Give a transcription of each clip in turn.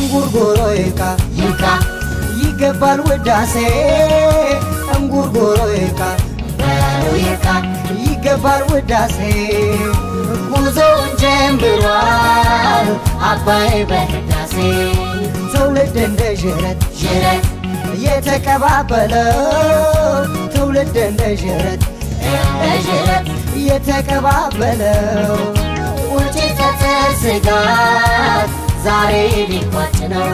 እንጉርጉሮ ይካ ይካ ይገባል ውዳሴ እንጉርጉሮ ይካ ይካ ይገባል ውዳሴ ጉዞውን ጀምሯል አባይ በህዳሴ ትውልድ እንደ ዥረት ዥረት የተቀባበለው ትውልድ እንደ ዥረት እንደ ዥረት የተቀባበለው ውጭ ተተር ዛሬ ሊቋጭ ነው።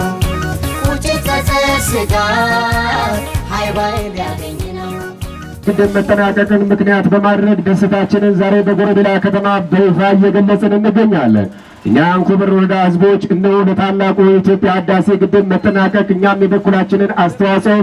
እንደመጠናቀቅን ምክንያት በማድረግ ደስታችንን ዛሬ በጎረቤላ ከተማ በይፋ እየገለጽን እንገኛለን። እኛም ክቡር ወረዳ ህዝቦች እነሆ ለታላቁ የኢትዮጵያ ህዳሴ ግድብ መጠናቀቅ እኛም የበኩላችንን አስተዋጽኦ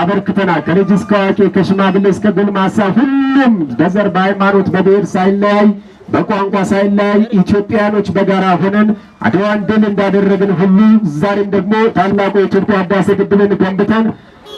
አበርክተናል። ከልጅ እስከ አዋቂ ከሽማግሌ እስከ ጎልማሳ ሁሉም በዘር በሃይማኖት፣ በብሔር ሳይለያይ በቋንቋ ሳይለያይ ኢትዮጵያኖች በጋራ ሆነን አድዋን ድል እንዳደረግን ሁሉ ዛሬም ደግሞ ታላቁ የኢትዮጵያ ህዳሴ ግድብን ገንብተን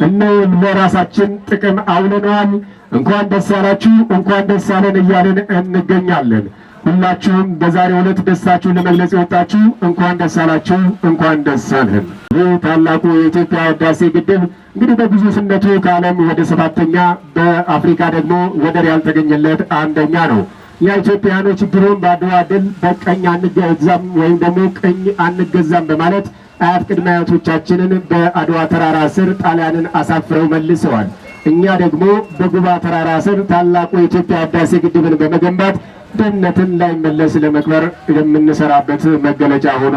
እነ ለራሳችን ጥቅም አውለነዋል። እንኳን ደስ ያላችሁ፣ እንኳን ደስ ያለን እያለን እንገኛለን። ሁላችሁም በዛሬው ዕለት ደስታችሁን ለመግለጽ የወጣችሁ እንኳን ደስ አላችሁ፣ እንኳን ደስ አለን። ይህ ታላቁ የኢትዮጵያ ህዳሴ ግድብ እንግዲህ በግዙፍነቱ ከዓለም ወደ ሰባተኛ በአፍሪካ ደግሞ ወደር ያልተገኘለት አንደኛ ነው። እኛ ኢትዮጵያኖች ድሮም በአድዋ ድል በቀኝ አንገዛም ወይም ደግሞ ቀኝ አንገዛም በማለት አያት ቅድመ አያቶቻችንን በአድዋ ተራራ ስር ጣሊያንን አሳፍረው መልሰዋል። እኛ ደግሞ በጉባ ተራራ ስር ታላቁ የኢትዮጵያ ህዳሴ ግድብን በመገንባት ድህነትን እንዳይመለስ ለመቅበር የምንሰራበት መገለጫ ሆኖ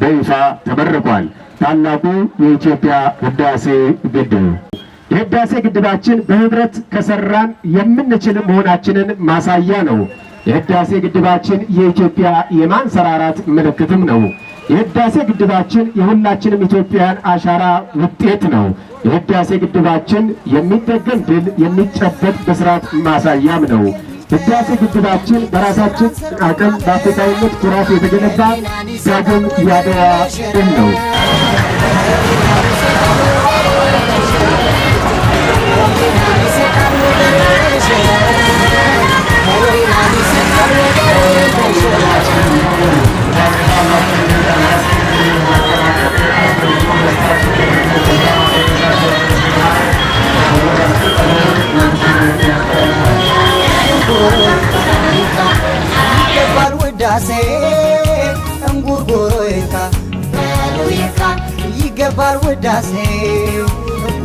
በይፋ ተመርቋል። ታላቁ የኢትዮጵያ ህዳሴ ግድብ የህዳሴ ግድባችን በህብረት ከሰራን የምንችል መሆናችንን ማሳያ ነው። የህዳሴ ግድባችን የኢትዮጵያ የማንሰራራት ምልክትም ነው። የህዳሴ ግድባችን የሁላችንም ኢትዮጵያን አሻራ ውጤት ነው። የህዳሴ ግድባችን የሚደገም ድል የሚጨበጥ በስርዓት ማሳያም ነው። ህዳሴ ግድባችን በራሳችን አቅም በአፍሪካዊነት ኩራት የተገነባ ዳግም የአድዋ ድል ነው። ውዳሴ እንጉርጉሮ ይካ ይካ ይገባል ውዳሴ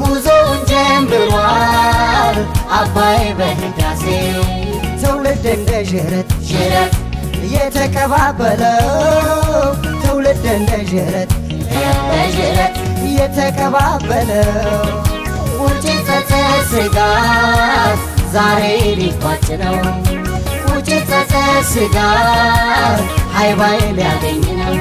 ጉዞውን ጀምሯል አባይ በህዳሴ ትውልድ እንደ ሽረት ሽረት የተቀባበለው ትውልድ እንደ ሽረት ሽረት የተቀባበለው ውጭ ተተስጋ ዛሬ ሊቋጭ ነው ቁጭት ጸጸት ስጋት ሀይባይ ሊያገኝ ነው